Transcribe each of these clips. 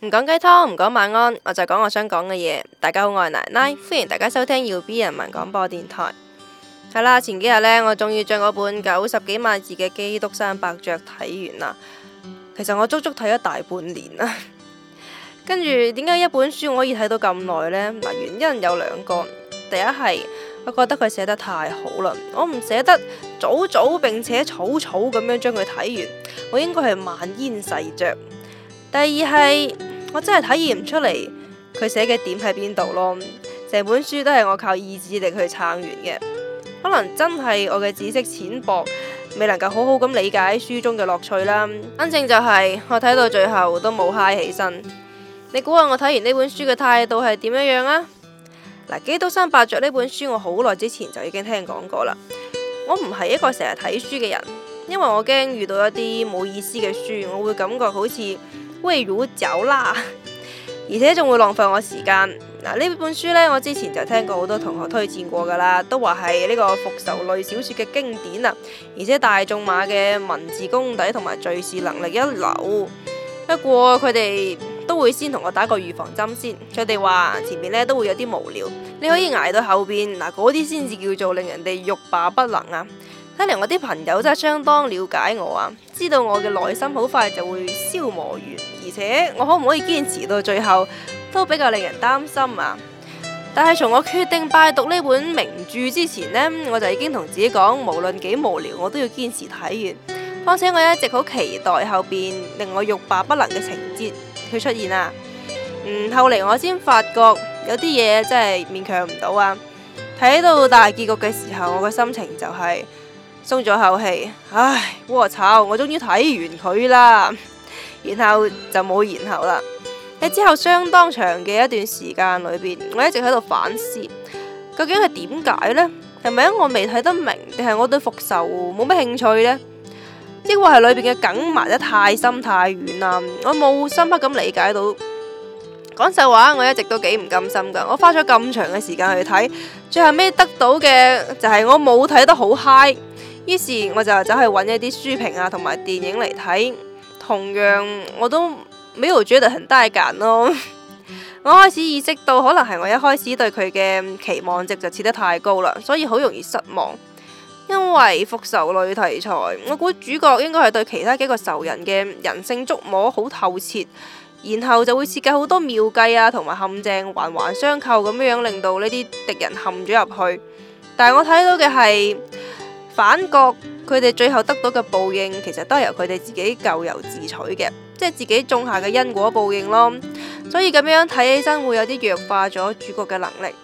唔講雞湯，唔講晚安，我就講我想講嘅嘢。大家好，我係奶奶，歡迎大家收聽要 b 人民廣播電台。係啦，前幾日呢，我終於將我本九十幾萬字嘅《基督山伯爵》睇完啦。其實我足足睇咗大半年啦。跟 住，點解一本書我可以睇到咁耐呢？嗱，原因有兩個。第一係我覺得佢寫得太好啦，我唔捨得早早並且草草咁樣將佢睇完，我應該係慢咽細嚼；第二係。我真係體驗唔出嚟，佢寫嘅點喺邊度咯？成本書都係我靠意志力去撐完嘅，可能真係我嘅知識淺薄，未能夠好好咁理解書中嘅樂趣啦。反正就係我睇到最後都冇嗨起身。你估下我睇完呢本書嘅態度係點樣樣啊？《基督山伯爵》呢本書我好耐之前就已經聽講過啦。我唔係一個成日睇書嘅人，因為我驚遇到一啲冇意思嘅書，我會感覺好似。喂，如果走啦，而且仲會浪費我時間。嗱、啊，呢本書呢，我之前就聽過好多同學推薦過噶啦，都話係呢個復仇類小說嘅經典啊。而且大仲馬嘅文字功底同埋敘事能力一流。不過佢哋都會先同我打個預防針先，佢哋話前面呢都會有啲無聊，你可以捱到後邊嗱，嗰啲先至叫做令人哋欲罷不能啊。睇嚟我啲朋友真係相當了解我啊，知道我嘅耐心好快就會消磨完。而且我可唔可以堅持到最後都比較令人擔心啊！但係從我決定拜讀呢本名著之前呢，我就已經同自己講，無論幾無聊，我都要堅持睇完。況且我一直好期待後邊令我欲罷不能嘅情節佢出現啊！嗯，後嚟我先發覺有啲嘢真係勉強唔到啊！睇到大結局嘅時候，我嘅心情就係鬆咗口氣，唉，我操，我終於睇完佢啦！然後就冇然後啦。喺之後相當長嘅一段時間裏邊，我一直喺度反思，究竟係點解呢？係咪因為我未睇得明，定係我對復仇冇乜興趣呢？抑或係裏邊嘅梗埋得太深太遠啦？我冇深刻咁理解到。講實話，我一直都幾唔甘心噶。我花咗咁長嘅時間去睇，最後尾得到嘅就係我冇睇得好 high。於是我就走去搵一啲書評啊，同埋電影嚟睇。同樣，我都 Milo Jader 很帶緊咯，我開始意識到可能係我一開始對佢嘅期望值就設得太高啦，所以好容易失望。因為復仇類題材，我估主角應該係對其他幾個仇人嘅人性捉摸好透徹，然後就會設計好多妙計啊，同埋陷阱，環環相扣咁樣樣，令到呢啲敵人陷咗入去。但係我睇到嘅係。反覺佢哋最後得到嘅報應，其實都係由佢哋自己咎由自取嘅，即係自己種下嘅因果報應咯。所以咁樣睇起身會有啲弱化咗主角嘅能力。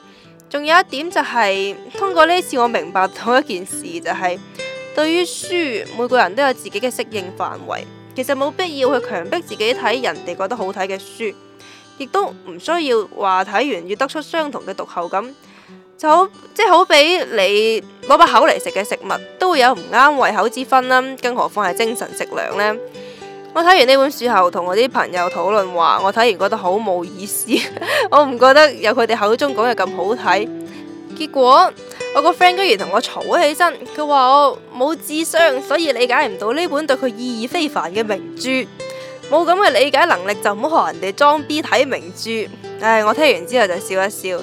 仲有一點就係、是、通過呢次，我明白到一件事，就係、是、對於書，每個人都有自己嘅適應範圍，其實冇必要去強迫自己睇人哋覺得好睇嘅書，亦都唔需要話睇完要得出相同嘅讀後感。就好即係好比你。攞把口嚟食嘅食物，都會有唔啱胃口之分啦。更何況係精神食糧呢？我睇完呢本書後，同我啲朋友討論話，我睇完覺得好冇意思。我唔覺得有佢哋口中講嘅咁好睇。結果我個 friend 居然同我嘈起身，佢話我冇智商，所以理解唔到呢本對佢意義非凡嘅名著。冇咁嘅理解能力就唔好學人哋裝逼睇名著。唉，我聽完之後就笑一笑。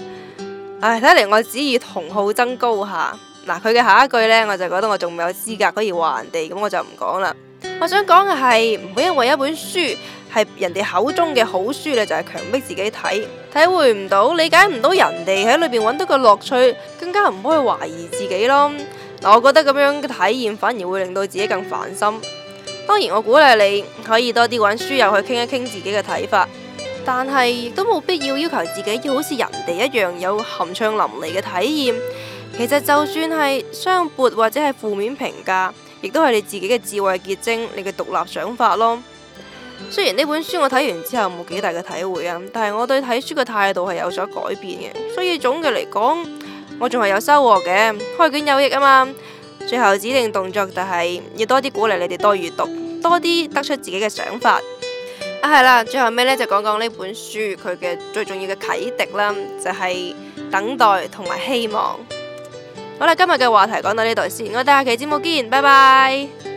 唉，睇嚟我只與同好爭高下。嗱，佢嘅下一句呢，我就覺得我仲未有資格可以話人哋，咁我就唔講啦。我想講嘅係，唔好因為一本書係人哋口中嘅好書咧，就係、是、強迫自己睇，體會唔到，理解唔到人哋喺裏邊揾到個樂趣，更加唔好去懷疑自己咯。嗱，我覺得咁樣嘅體驗反而會令到自己更煩心。當然，我鼓勵你可以多啲揾書友去傾一傾自己嘅睇法，但係都冇必要要求自己要好似人哋一樣有酣暢淋漓嘅體驗。其實就算係雙撥或者係負面評價，亦都係你自己嘅智慧結晶，你嘅獨立想法咯。雖然呢本書我睇完之後冇幾大嘅體會啊，但係我對睇書嘅態度係有所改變嘅，所以總嘅嚟講，我仲係有收穫嘅，開卷有益啊嘛。最後指定動作就係要多啲鼓勵你哋多閱讀，多啲得出自己嘅想法啊。係啦，最後尾呢就講講呢本書佢嘅最重要嘅啟迪啦，就係等待同埋希望。好啦，今日嘅話題講到呢度先，我哋下期節目見，拜拜。